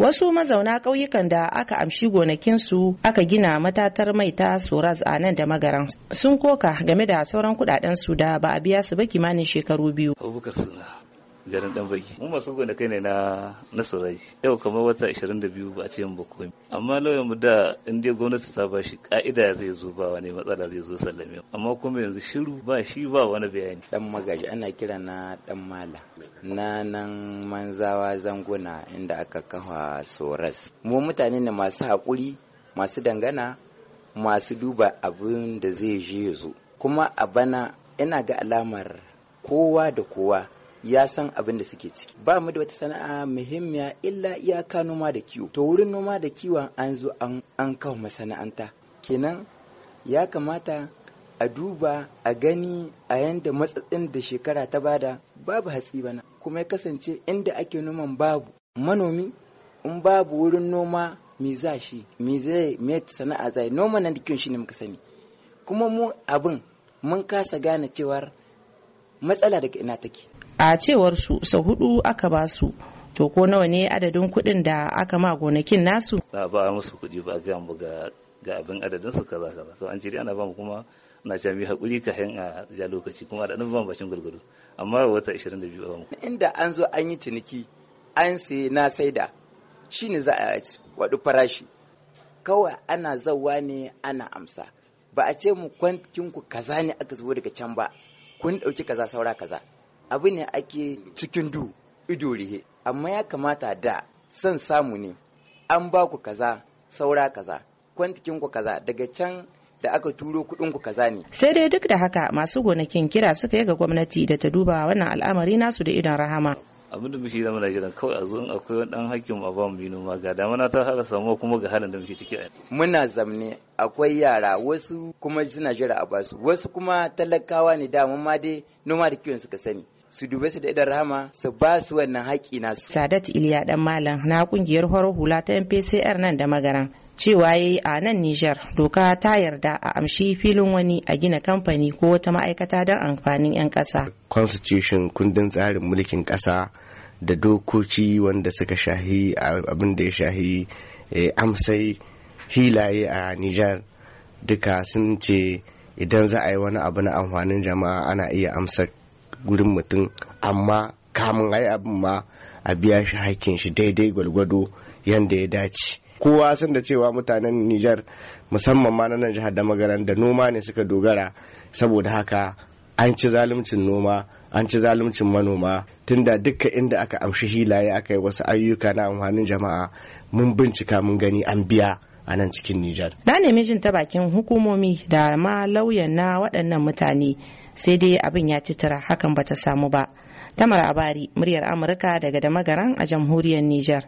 wasu mazauna ƙauyukan da aka amshi gonakinsu aka gina matatar mai ta soras a nan da magaran sun koka game da sauran kudaden su da ba a biya su ba kimanin shekaru biyu garin dan baki mu masu gona kai ne na na suraji yau kamar wata 22 ba a ce ba komai amma lauyan mu da in dai gwamnati ta bashi ka'ida zai zo ba wani matsala zai zo sallame amma kuma yanzu shiru ba shi ba wani bayani dan magaji ana kira na dan mala na nan manzawa zanguna inda aka kafa soras mu mutane ne masu haƙuri masu dangana masu duba abin da zai je yazo zo kuma a bana ina ga alamar kowa da kowa ya san abin da suke ciki ba mu da wata sana'a muhimmiya illa iyaka noma da kiwo to wurin noma da kiwon an zo an kawo masana'anta kenan ya kamata a duba a gani a yanda matsatsin da shekara ta bada babu hatsi bana kuma ya kasance inda ake noman babu manomi in babu wurin noma me za shi me zai me sana'a zai noma nan da kiwon shine muka sani kuma mu abin mun kasa gane cewar matsala daga ina take a cewar su sau hudu aka ba su to ko nawa ne adadin kuɗin da aka ma gonakin nasu ba ba musu kuɗi ba ga mu ga ga abin adadin su kaza kaza to an ce ana ba mu kuma na ce mu hakuri ka hin a ja lokaci kuma da ba bashin gurguru amma wata 22 ba mu inda an zo an yi ciniki an sai na saida shine za a wadu farashi kawai ana zawa ne ana amsa ba a ce mu kwankin ku kaza ne aka zo daga can ba kun dauki kaza saura kaza abu ne ake cikin du ido rihe amma ya kamata da son samu ne an ba ku kaza saura kaza kwantikin ku kaza daga can da aka turo kudin ku kaza ne sai dai duk da haka masu gonakin kira suka yi ga gwamnati da ta duba wannan al'amari nasu da idon rahama da muke zama na jiran kawai a zuwan akwai wani dan hakkin a ba mu noma ga damana ta hada samuwa kuma ga halin da muke ciki a muna zamne akwai yara wasu kuma suna jira a basu wasu kuma talakawa ne da ma dai noma da kiwon suka sani su dube su da idan rahama su ba su wannan haƙƙi nasu. Sadat Iliya ɗan Malam na ƙungiyar horar hula ta MPCR nan da magaran. cewa ya yi a nan Nijar doka ta yarda a amshi filin wani a gina kamfani ko wata ma'aikata don amfanin 'yan ƙasa. Constitution kundin tsarin mulkin ƙasa da dokoci wanda suka shahi abin da ya shahi eh, amsai hilaye a Nijar duka sun ce idan za a yi wani abu na amfanin jama'a ana iya amsar gurin mutum amma kamun ai abin ma a biya shi hakkin shi daidai gwalgwado yadda ya dace kowa san da cewa mutanen Nijar musamman ma na nan jihar da magaran da noma ne suka dogara saboda haka an ci zaluncin noma an ci zaluncin manoma tunda dukka inda aka amshi hilaye aka yi wasu ayyuka na amfanin jama'a mun bincika mun gani an biya a nan cikin Nijar. Na nemi jin ta bakin hukumomi da ma lauyan na waɗannan mutane sai dai abin ya ci tara hakan bata samu ba. Tamar Abari, muryar Amurka daga Damagaran a jamhuriyar Nijar.